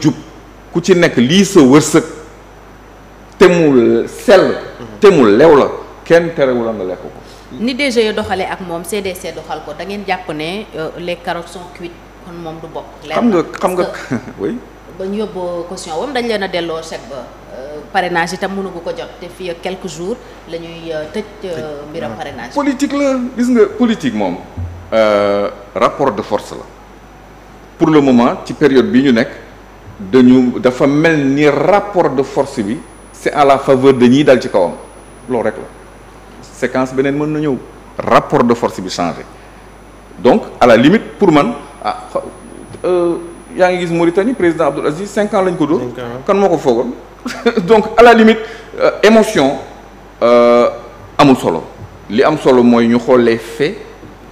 jub ku ci nekk lii sa wërsëg te mu sel te mu lew la kenn terewul nga lekk ko ni DG e doxalee ak moom CDC doxal ko da ngeen jàpp ne euh, les kon moom du bokk. xam nga xam nga oui. ba ñu yóbbu caution wam dañ leen a delloo chèque ba euh, parrainage itam mënugu ko jot te fii quelques jours la ñuy euh, tëj. mbiram parrainage politique la gis nga politique moom. rapport de force la pour le moment ci période bi ñu nekk. dañu dafa mel ni rapport de force bi c'est à la faveur de ñiy dal ci kawam loolu rek la séquence beneen mën na ñëw rapport de force bi changé donc à la pour man ah euh, yaa ngi gis Mauritanie président Abdoul Aziz cinq ans lañ ko dóor kan moo ko foogoon donc à la limite euh, émotion euh, amul solo li am solo mooy ñu xoolee les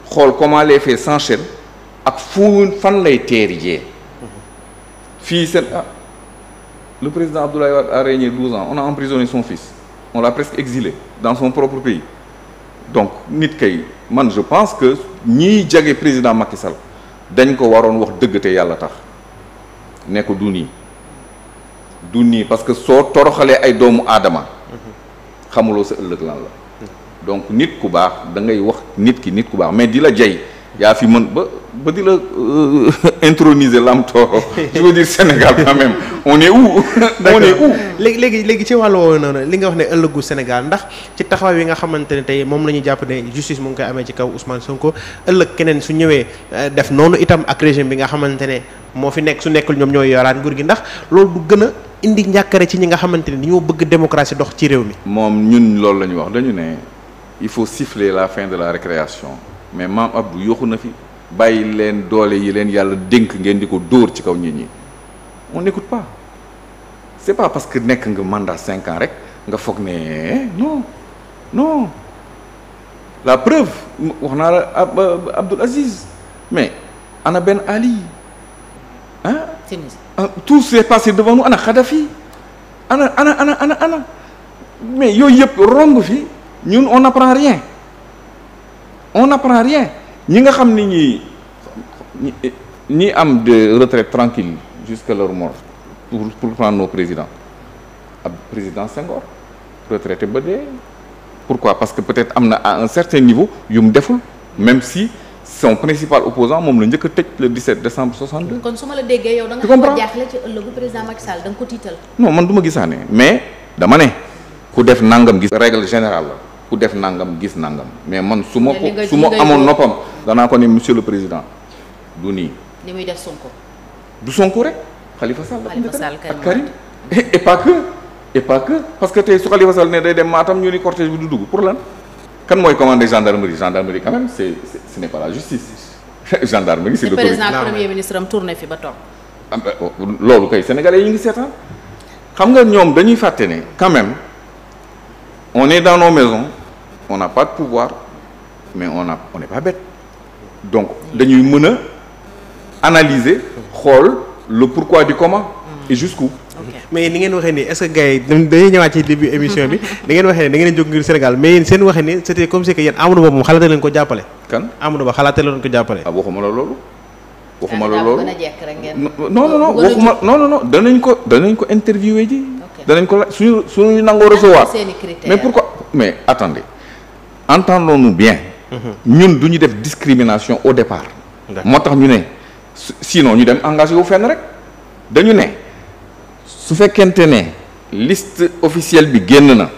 xool comment les faits s'enchaînent ak fu fan lay teer jee fii seen ah le président Abdoulaye Wade a régné 12 ans on a emprisonné son fils on l'a presque exilé dans son propre pays donc nit kay man je pense que ñiy jege président Macky Sall dañ ko waroon wax dëgg yàlla tax ne ko du nii du nii parce que soo toroxalee ay doomu aadama xamuloo sa ëllëg lan la mm-hmm. donc nit ku baax da ngay wax nit ki nit ku baax mais di la jay yaa fi mën ba ba di la euh, introniser lamto je veux dire Sénégal quand même on est où on est où léegi léegi léegi ci wàllu woowu noonu li nga wax ne ëllëgu Sénégal ndax ci taxawaay yi nga xamante ne tey moom la ñu jàpp ne justice mu ngi koy amee ci kaw Ousmane ko ëllëg keneen su ñëwee euh, def noonu itam ak régime bi nga xamante ne moo fi nekk su nekkul ñoom ñoo yoraat nguur gi ndax lool du gën a indi njàkkare ci ñi nga xamante ne ñoo bëgg démocratie dox ci réew mi moom ñun loolu la wax dañu il faut siffler la fin de la récréation mais maam Abdou yooxu na fi bàyyi leen doole yi leen yàlla dénk ngeen di ko dóor ci kaw nit ñi on n'écoute pas c'est pas parce que nekk nga mandat cinq ans rek nga foog ne non non la preuve wax naa la Abdoul Aziz mais ana Ben Ali ah. tout s'est passé devant nous ana fii ana ana ana ana ana mais yooyu yëpp romb fi ñun on n'apprend rien. on n'apprend rien ñi nga xam ni ñi ñi am de retraite tranquille jusqu'à leur mort pour pour prendre nos présidents ab président Senghor retraité ba dee pourquoi parce que peut-être am na à un certain niveau yu mu deful même si son principal opposant moom la njëkk a tëj le 17 décembre 62. kon su ma la déggee yow da nga. xam jaaxle ci ëllëgu président Macky Sall da ko tiital. non man du ma gisaane mais dama ne ku def nangam gis. règle générale la. ku def nangam gis nangam mais man su ma ko su ma amoon noppam danaa ko ne monsieur le président du nii. ni muy def Sonko. du Sonko rek Khalifa Sall. Khalifa Sall et pas que et pas que parce que tey su Khalifa Sall ne day dem Matam ñu ni cortège bi du dugg pour lan. kan mooy commandé gendarmerie gendarmerie quand même c'est ce n'est pas la justice gendarmerie c'est président premier ministre am tourné fi ba toog. Ah, oh, loolu kay sénégalais yi ngi seetaan xam nga ñoom dañuy fàtte ne quand on est dans nos maisons on n'a pas de pouvoir mais on a on n'est pas bête donc dañuy mën a analyser xool le pourquoi du comment et jusqu'où Okay. mais ni ngeen waxee nii est-ce que gars dañuy ñëwaat ci début émission bi da ngeen waxee ne da a jóg ngir Sénégal mais yéen seen waxee ni c'était comme si que yéen Amadou Ba moom xalaatee leen ko jàppale. kan Amadou Ba xalaatee leen ko jàppale. ah waxuma la loolu. waxuma ah, la loolu non non non waxuma non non non danañ ko danañ ko interviewé ji. danañ ko la suñu suñu nangoo recevoir mais pour pourquoi mais attendez entendons-nous bien mm-hmm. ñun du ñu def discrimination au départ moo tax ñu ne sinon ñu dem engage wu fenn rek dañu ne su fekkente ne liste officielle bi génn na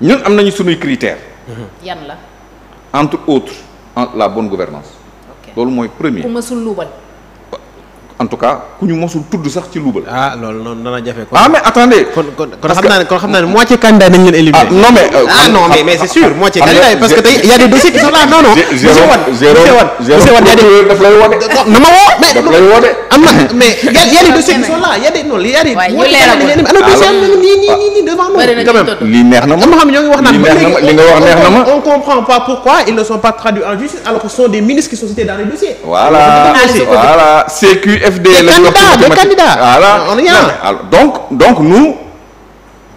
ñun am nañu suñuy critères mm-hmm. yan la entre autres la bonne gouvernance loolu mooy premier ku tout ñu mosul tudd sax ci luubal. ah loolu noonu dana jafe. ah mais attendez. kon kon xam naa ne kon xam naa ne leen éliminé. Ah, non mais. Euh, ah, non mais c'est sûr moitié candidat parce que tey y a des dossiers qui sont là non non. zéro zéro zéro daf lay wone. na ma mais am na mais y des dossiers qui sont là y des non y des. waay ñu leeral ko neex na ma. xam ñoo ngi wax naan ba léegi on comprend pas pourquoi ils ne sont pas traduits en justice alors des candidats des donc nous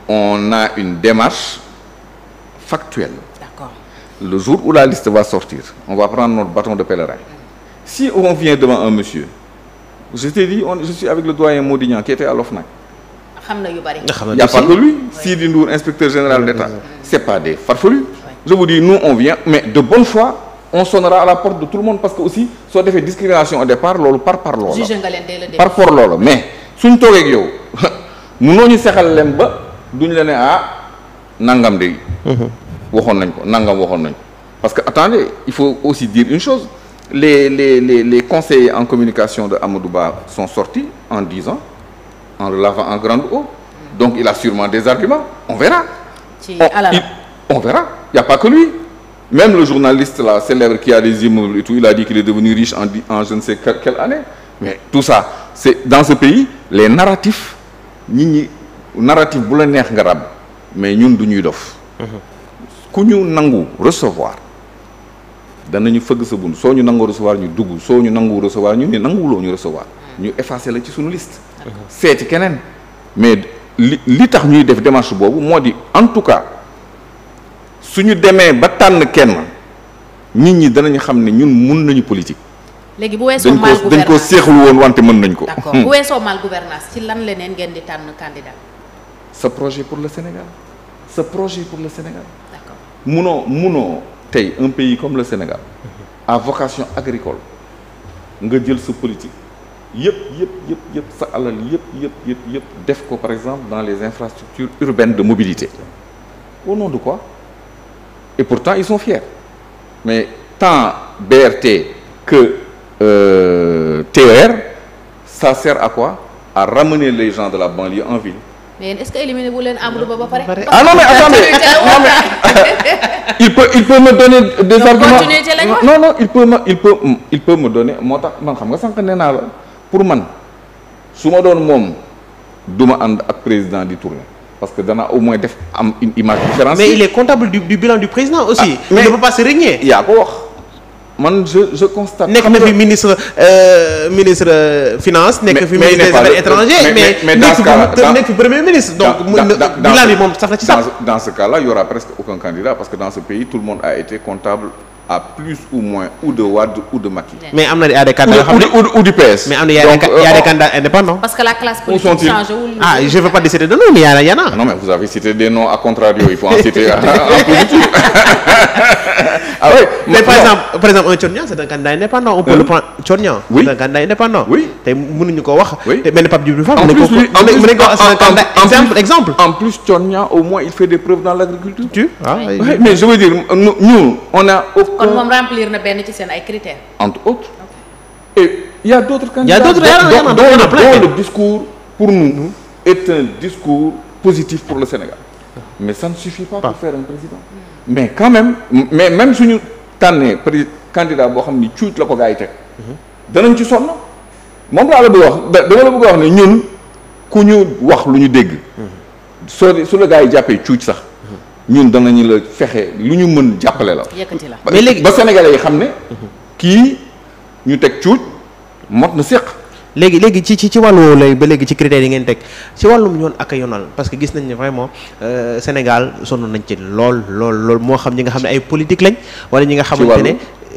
on a une démarche factuelle d'accord le jour où la liste va sortir on va prendre notre bâton de pèlerin si on vient devant un monsieur je suis avec le doyen Modignan qui était à l'OFNAC il y a pas que lui Sidi Ndour inspecteur général d'État c'est pas des farfelus je vous dis nous on vient mais de bonne foi on sonnera à la porte de tout le monde parce que aussi soo defee discrimination au départ loolu par par loola mais suñ toogee ak yow mënoo ñu sexal lem ba duñ le ne ah nangam de mhm. waxoon nañ ko nangam waxoon nañ parce que attendez il faut aussi dire une chose les les les les conseillers en communication de Amadou Ba sont sortis en disant en le lavant en grande eau donc il a sûrement des arguments on verra on, verra y a pas que lui même le journaliste là célèbre qui a des immeubles et tout il a dit qu'il est devenu riche en en je ne quelle année mais tout ça c'est dans ce pays les narratifs nit ñi narratif bu la neex nga ràbb mais ñun du ñuy dof ku ñu nangu recevoir danañu fëgg sa bunt soo ñu nangu recevoir ñu dugg soo ñu nangu recevoir ñu ne nanguwuloo ñu recevoir ñu effacer la ci suñu liste seeti keneen mais li li tax ñuy def démarche boobu moo di en tout cas su ñu demee ba tànn kenn nit ñi danañu xam ne ñun mun nañu politique. léegi bu weesoo mal dañ ko seexul woon wante mën nañ ko. d'accord bu weesoo mal gouvernance ci lan leneen ngeen di tànn candidat. sa projet pour le Sénégal sa projet pour le Sénégal. munoo munoo tey un pays comme le Sénégal mhm. à vocation agricole nga jël su politique yëpp yëpp yëpp yëpp sa alal yëpp yëpp yëpp yëpp def ko par exemple dans les infrastructures urbaines de mobilité au nom quoi. et pourtant ils sont fiers mais tant BRT que euh, TER e à quoi à ramener les gens de la banlieue en ville. mais est-ce que éliminer bu leen Amadou Ba ba pare. ah non mais il peut il peut me donner des arguments non non il peut ma il peut il peut me donner moo tax man xam nga sànq nee naa pour man su ma doon moom du ma ànd ak président di tourner. parce que dana au moins def am une image différente. mais il est comptable du, bilan du président aussi. Ah, il ne peut pas se régner. yaa constate. nekk ministre euh, ministre euh, finance. nekk fi des affaires étrangères. mais mais dans premier ministre. dans ce cas là il y aura presque aucun candidat parce que dans ce pays tout le monde a été comptable. à plus ou moins ou de Wade ou de Macky. mais am na des candidats yoo xam ne ou de ou du PS. mais am na y' a des euh, y' parce que la classe politique change wul. ah je veux pas de citer de nom mais a non mais vous avez cité des noms à contrario il faut en citer en positif. Ah, par exemple un Thione c'est un candidat indépendant on peut euh, le prendre Thione c'est un candidat indépendant te mënuñu ko wax te ko wax c'est un candidat exemple exemple en plus Thione au moins il fait des preuves dans l'agriculture ah, mais je veux dire ñu on a aucun kon moom remplir na benn ci seen ay critères entre autres et il y a d'autres candidats dont le discours pour nous mhm. est un discours positif pour le Sénégal mais ça ne suffit pas, pour faire un président mais quand même mais même suñu tànnee président candidat boo xam ni cuuc la ko gars yi teg mhm. danañ ci sonn moom laa la bëgg wax dama la bëgg wax ne ñun ku ñu wax lu ñu dégg mhm. soo su la gars yi jàppee cuuc sax mhm. ñun danañu la fexe lu ñu mën jàppale la yëkkati la mais léegi ba sénégalais yi xam ne kii ñu teg cuuc mot na séq léegi léegi ci ci ci wàllu lay ba léegi ci critères yi ngeen teg ci wàllum yoon ak yoonal parce que gis nañ ne vraiment euh, Sénégal sonn nañ ci lool lool lool moo xam ñi nga xam ne ay politique lañ wala ñi nga xamante ne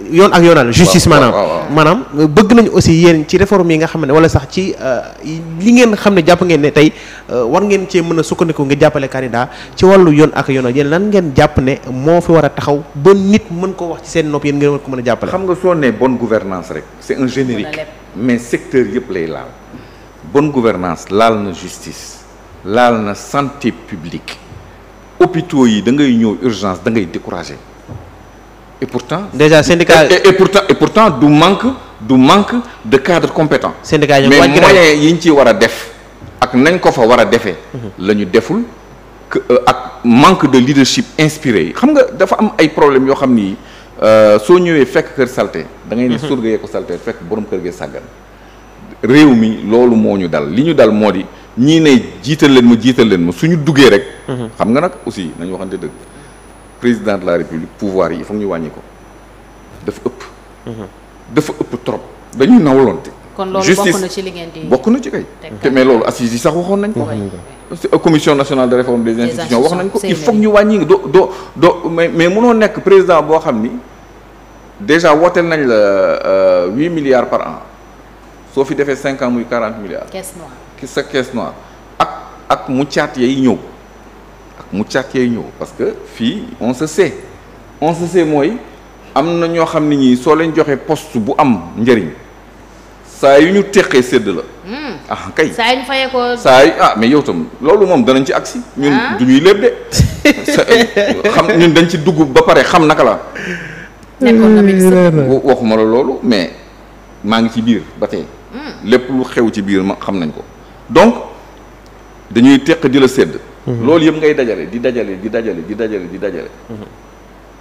yoon ak yoonal justice maanaam maanaam euh, bëgg nañu aussi yéen ci réforme yi nga xam ne wala sax ci euh, li ngeen xam ne jàpp ngeen ne tey euh, war ngeen cee mën a sukkandiku nga jàppale candidat ci wàllu yoon ak yoonal yéen lan ngeen jàpp ne moo fi war a taxaw ba nit mën koo wax ci seen nopp yéen ngeen war ko mën a jàppale xam nga soo nee bonne gouvernance rek c'est un générique mais secteur yëpp lay laal bonne gouvernance laal na justice laal na santé publique hôpitaux yi da ngay ñëw urgence da ngay découragé et pourtant. déjà syndicat et, et pourtant et pourtant du manque du manque de cadre compétent. syndicat mais moyens yi ñu ciy war a def ak nañ ko fa war a defee. Mhm. la ñu deful euh, ak manque de leadership inspiré yi xam nga dafa am ay problèmes yoo xam ni euh, soo ñëwee fekk kër salte da ngay ne mhm. surga yee ko salte fekk borom kër gee sàggan réew mi loolu moo ñu dal li ñu dal moo di ñii ne jiital leen ma jiital leen ma suñu duggee rek. Mhm. xam nga nag aussi nañu waxante dëgg. président de la république pouvoir yi il faut ñu wàññi ko dafa ëpp. dafa ëpp trop dañuy nawlonte. kon loolu bokk na ci li bokk na ci kay. te mais loolu assises yi sax waxoon nañ ko. parce que commission nationale de réforme des institutions wax nañ ko il faut ñu wàññi do do doo mais mais munoo nekk président boo xam ni déjà wooteel nañ la euh, huit milliards par an soo fi defee cinq ans muy quarante milliards. caisse noire ki sa caisse noire ak ak mu caat yi ñëw. mu càkkee ñëw parce que fii on se sait on se mooy am na ñoo xam ne ñii soo leen joxee poste bu am njëriñ saa yu ñu teqee sedd la. Hmm. ah kay saa yu ñu fayee ko. saa yu ah mais yow tam loolu moom danañ ci agsi ñun ah. du ñuy léeb de. xam dañ ci dugg ba pare xam naka la. nekkoon na ministre la loolu mais maa ngi ci biir ba tey. Hmm. lépp xew ci biir ma xam nañ ko donc dañuy teq di la sedd Mhm. loolu yëpp ngay dajale di dajale di dajale di dajale di dajale. Mhm.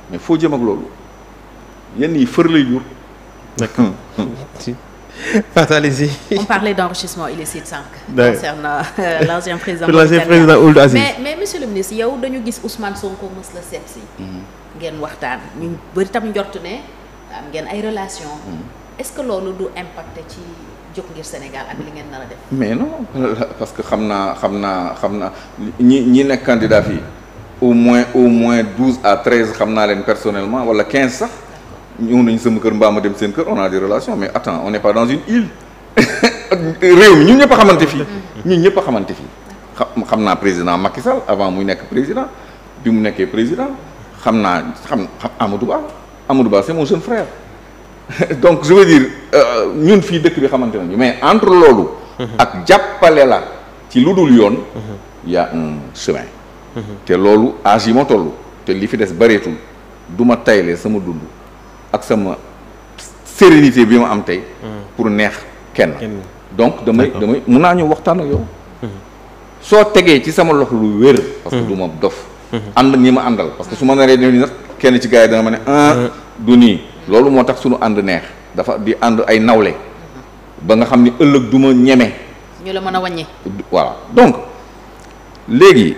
mais foo jëm ak loolu yenn yi fër lay jur. d'accord si Fatali si. on parlait d'enrichissement illicite sànq. concernant euh, président. l'ancien président Ould mais mais monsieur le ministre yow dañu gis Ousmane Sonko mës la seet si. Hmm. ngeen waxtaan ñu bëri tam njort ne am ngeen ay relation hmm. est-ce que loolu du impact ci. jóg mais non parce que xam naa xam naa xam naa ñi ñi nekk candidat fii au moins au moins douze à treize xam naa leen personnellement wala quinze sax. ñëw nañu sama kër mbaa ma dem seen kër on a des relations mais attends on n'est pas dans une île réew mi ñu ñëpp a xamante fii. ñun ñëpp a xamante fii. xam xam naa président Macky Sall avant muy nekk président bi mu nekkee président xam naa xam Amadou Ba Amadou Ba c'est mon jeune frère. donc je veux dire euh, ñun fii dëkk bi xamante nañu mais entre loolu. Mhm. ak jàppale la ci lu dul yoon. Mhm. y a un mhm. te loolu âge yi ma toll te li fi des bëreetul du ma tayle sama dund ak sama sérénité bi ma am tey. pour neex kenn. donc damay damay mun naa ñëw waxtaan ak yow. soo tegee ci sama loxo lu wér. parce que ma dof. ànd na ñi ma àndal parce que su ma naree nii nag kenn ci gars yi dana ma ne ah du nii. loolu moo tax suñu ànd neex dafa di ànd ay nawle ba nga xam ni ëllëg duma ñeme. ñu la mën a wàññi. waaw donc léegi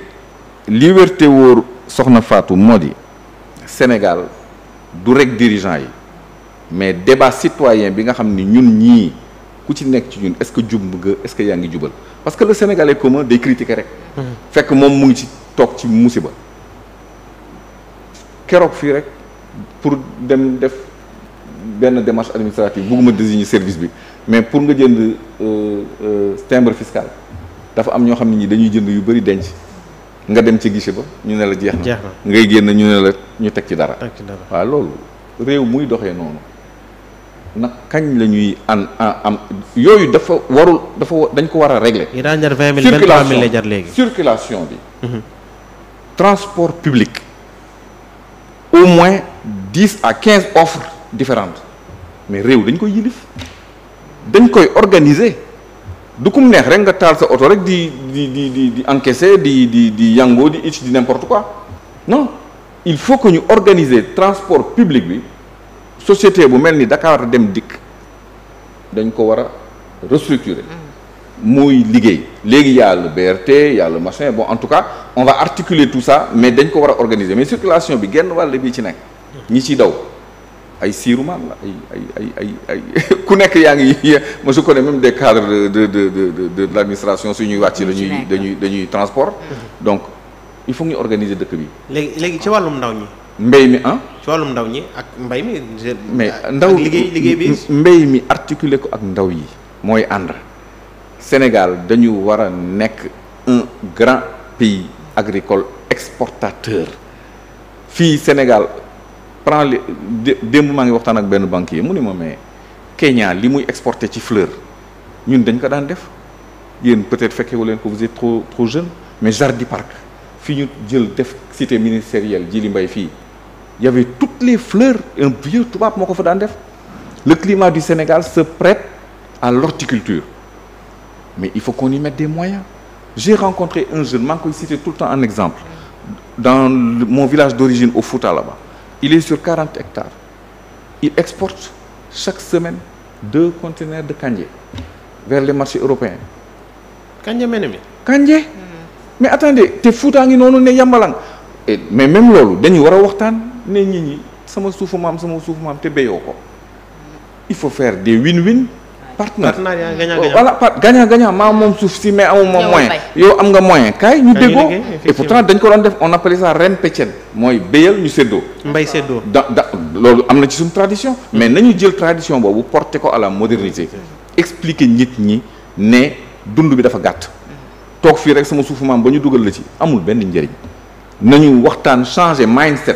li wér te wóor soxna Fatou moo di Sénégal du rek dirigeant yi mais débat citoyen bi nga xam ni ñun ñii ku ci nekk ci ñun est-ce que jub nga est-ce que yaa ngi jubal parce que le Sénégalais commun day critiquer rek. fekk moom mu ngi ci toog ci musiba keroog fii rek pour dem def. benn démarche administrative bugguma désigner service bi mais pour nga jënd euh, euh, timbre fiscal dafa am ñoo xam ne ñi dañuy jënd yu bëri denc nga dem ci guichet ba ñu ne la jeex na ngay génn ñu ne la ñu teg ci dara waa loolu réew muy doxee noonu na kañ la ñuy an am yooyu dafa warul dafa dañ ko war a régler yi daan jar vingt mille vingt trois mille lay jar léegi circulation bi mhm. transport public au moins dix à quinze offres différente mais réew dañ koy yilif dañ koy organiser du kum neex rek nga taal sa oto rek di di di di di encaisser di di di yangoo di itch di n'importe quoi non il faut que ñu organiser transport public bi société bu mel ni Dakar dem dikk dañ ko war a restructurer mm. muy liggéey léegi y a le BRT a le machin bon en tout cas on va articuler tout ça mais dañ ko war a organiser mais circulation bi genn wàll bi ci nekk ñi ciy daw ay siiru maal la ay ay ay ay ay ku nekk yaa ngi ma je connais même des cadres de de de de de de l'administration suñuy wàcc dañuy dañuy dañuy transport. donc il faut ñu organiser dëkk bi. léegi léegi ci wàllum ndaw ñi. mbéy mi ah. ci wàllum ndaw ñi ak mbéy mi. mais ndaw liggéey liggéey bi mbéy mi articuler ko ak ndaw yi. mooy ànd Sénégal dañu war a nekk un grand pays agricole exportateur fii Sénégal. prend li démb maa ngi waxtaan ak benn banque yi mu ni ma mais Kenya li muy exporté ci fleur ñun dañ ko daan def yéen peut-être fekkewu leen ko vous êtes trop trop jeune mais Jardi Park fi ñu jël def cité ministérielle ji li mbay fii y avait toutes les fleurs un vieux tubaab moo ko fa daan def le climat du Sénégal se prête à l'horticulture mais il faut qu'on y mette des moyens j'ai rencontré un jeune maa ngi koy cité tout le temps en exemple dans mon village d'origine au Fouta là-bas il est sur 40 hectares il exporte chaque semaine deux conteneurs de kanje vers les marchés européens kanje mene mi kanje hmm. mais attendez te Fuuta ngi noonu ne yambalang mais même loolu dañu war a waxtaan ne ñi ñi sama suufu maam sama suufu maam te béyoo ko il faut faire des win-win partenaire partenariat gagnant gagnant oh, voilà par gagnant gagnant maa moom suuf si mais amu ma moyen yow am nga moyen kaay ñu déggoo et pourtant dañ ko doon def on appelle ça ren pétienne mooy béyal ñu séddoo mbay séddoo da da loolu am na ci suñu tradition mm. mais nañu jël tradition boobu porter ko à la modernité expliquer nit ñi ne dund bi dafa gàtt toog fii rek sama suufu maam ba ñu dugal la ci amul benn njëriñ nañu waxtaan changer mindset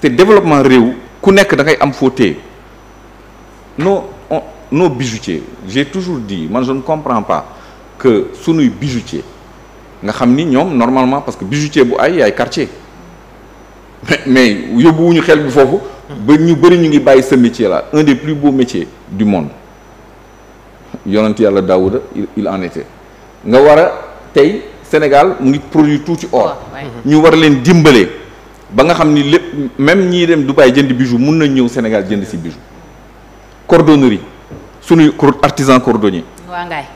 te développement réew ku nekk dangay am foo téye nos bijoutiers j'ai toujours dit man je ne comprends pas que sunuy bijoutier nga xam ni ñoom normalement parce que bijoutier bu ay yaay quartier mais mais yóbbuwuñu xel bi foofu. ba ñu bëri ñu ngi bàyyi ce métier là un des plus beaux métiers du monde yonent yàlla Daouda il en était nga war a tey Sénégal mu ngi produit tuuti or. ñu war leen dimbalee ba nga xam ni lépp même ñii dem du bàyyi jënd bijou mun nañ ñëw Sénégal jënd si bijou cordonnerie. suñuy artisan cordonnier waa ngaay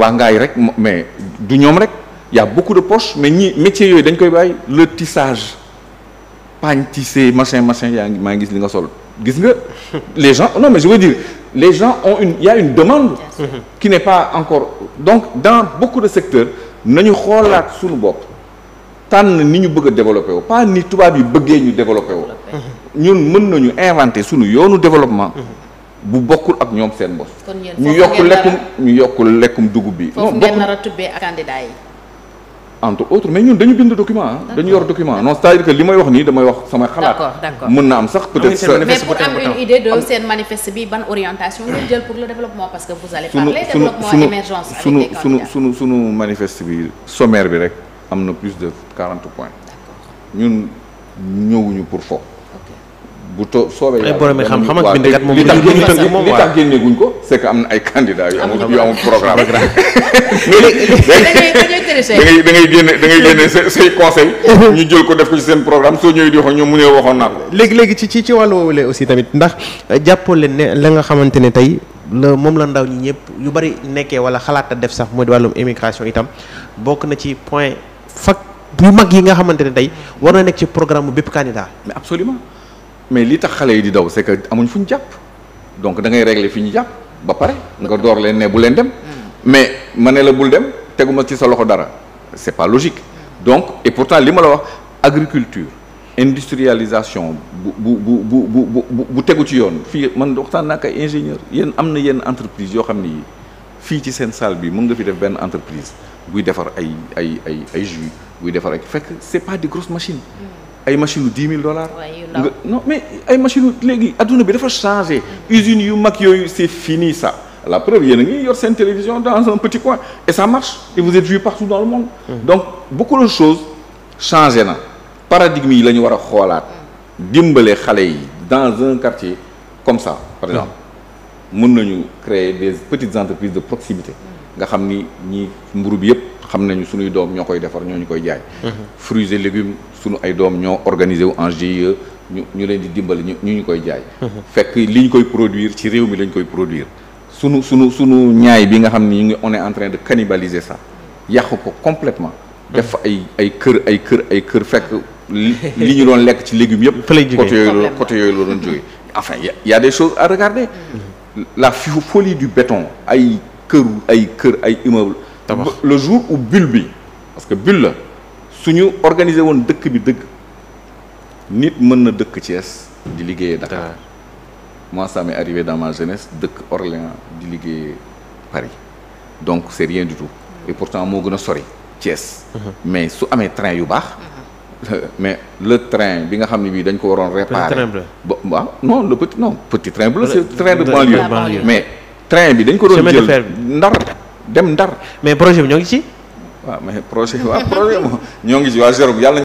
waa ngaay rek mais du ñoom rek y a beaucoup de poches mais ñi métiers yooyu dañ koy bàyyi le tissage pagne tissé machin machin yaa ngi maa ngi gis li nga sol gis nga les gens non mais je veux dire les gens ont une il y a une demande mm-hmm. qui n'est pas encore donc dans beaucoup de secteurs nañu xoolaat suñu bopp tànn ni ñu bëgg a développé wu pas ni tubaab yi bëggee ñu développé wu mm-hmm. ñun mën nañu inventer suñu yoonu développement mm-hmm. bu bokkul ak ñoom seen bos. ñu yokk lekkum ñu yokku lekkum dugub bi. non foofu ngeen nar a tubbee ak candidat yi. entre autres mais ñun dañu bind document ah. dañu yor document non cest à li may wax nii damay wax sama xalaat. mën na am sax peut-être. sa mais am une idée de seen manifeste bi ban orientation ngeen jël que vous allez parler développement émergence avec des candidats bi sommaire bi rek am na plus de 40 points. ñun ñëwuñu pour foofu. bu to soobee yàlla ay borom xam-xam ak bindkat moom li tax li tax génneeguñ ko c'est am na ay candidats yu amul yu amul programme. da ngay da ngay génne da ngay génne conseil ñu jël ko def ko ci seen programme soo ñëwee di wax ñoom mu ne waxoon naa léegi léegi ci ci ci wàllu woowulee aussi tamit ndax jàppoo leen ne la nga xamante ne tey la moom la ndaw ñi ñëpp yu bari nekkee wala xalaat a def sax mooy wàllum immigration itam bokk na ci point fac yu mag yi nga xamante ne tey war na ci programme bu bépp candidat mais absolument mais li tax xale yi di daw c'est que amuñ fu ñu jàpp donc da ngay régler fi ñu jàpp ba pare nga door leen nee bu leen dem. Mm. mais ma ne la bul dem teguma ci sa loxo dara c'est pas logique. donc et pourtant li ma la wax agriculture industrialisation bu bu bu bu bu bu tegu ci yoon fii man waxtaan naa ak ingénieur yéen am na yenn entreprise yoo xam ni fii ci seen salle bi mën nga fi def benn entreprise buy defar ay ay ay ay jus buy defar ay fekk c'est pas des grosses ay machine yu dix mille dollars. nga non mais ay machine yu léegi adduna bi dafa changé. usines yu mag yooyu c'est fini ça. la preuve yéen a ngi yor seen télévision dans un petit coin et ça marche et vous êtes vu partout dans le monde. Mm-hmm. donc beaucoup de choses changé na paradigme yi la ñu war a xoolaat dimbale xale yi dans un quartier comme sax par exemple mën mm-hmm. nañu créer des petites entreprises de proximité mm-hmm. nga xam ni ñi mburu bi yëpp. xam nañu suñuy doom ñoo koy defar ñoo ñu koy jaay. fruits et légumes suñu ay doom ñoo organisé wu en GIE ñu ñu leen di dimbali ñu ñu ñu koy jaay. fekk li ñu koy produire ci réew mi lañ koy produire sunu sunu sunu ñaay bi nga xam ni ñu ngi one est en train de cannibaliser ça yàq ko complètement def ay ay kër ay kër ay kër fekk li ñu doon lekk ci légumes yëpp. côté yooyu côté yooyu la doon jógee. enfin y a des choses à regarder. la folie du béton ay këru ay kër ay immeuble tabax le jour où bulle bi parce que bulle la suñu organiser woon dëkk bi dëgg nit mën na dëkk Thiès di liggéeyee Dakar moi ça m'est arrivé dans ma jeunesse dëkk Orléans di liggéeyee Paris donc c'est rien du tout et pourtant moo gën a sori Thiès mhm. mais su amee train yu baax mhm. mais le train bi nga xam ni bii dañ ko waroon réparer ba waaw non le petit non petit train bleu c'est train de banlieue mais train bi dañ ko doon jël ndar dem ndar mais projet bi ñoo ngi ci. waaw mais projet waaw projet moom ñoo ngi ci waa zéro bi yàlla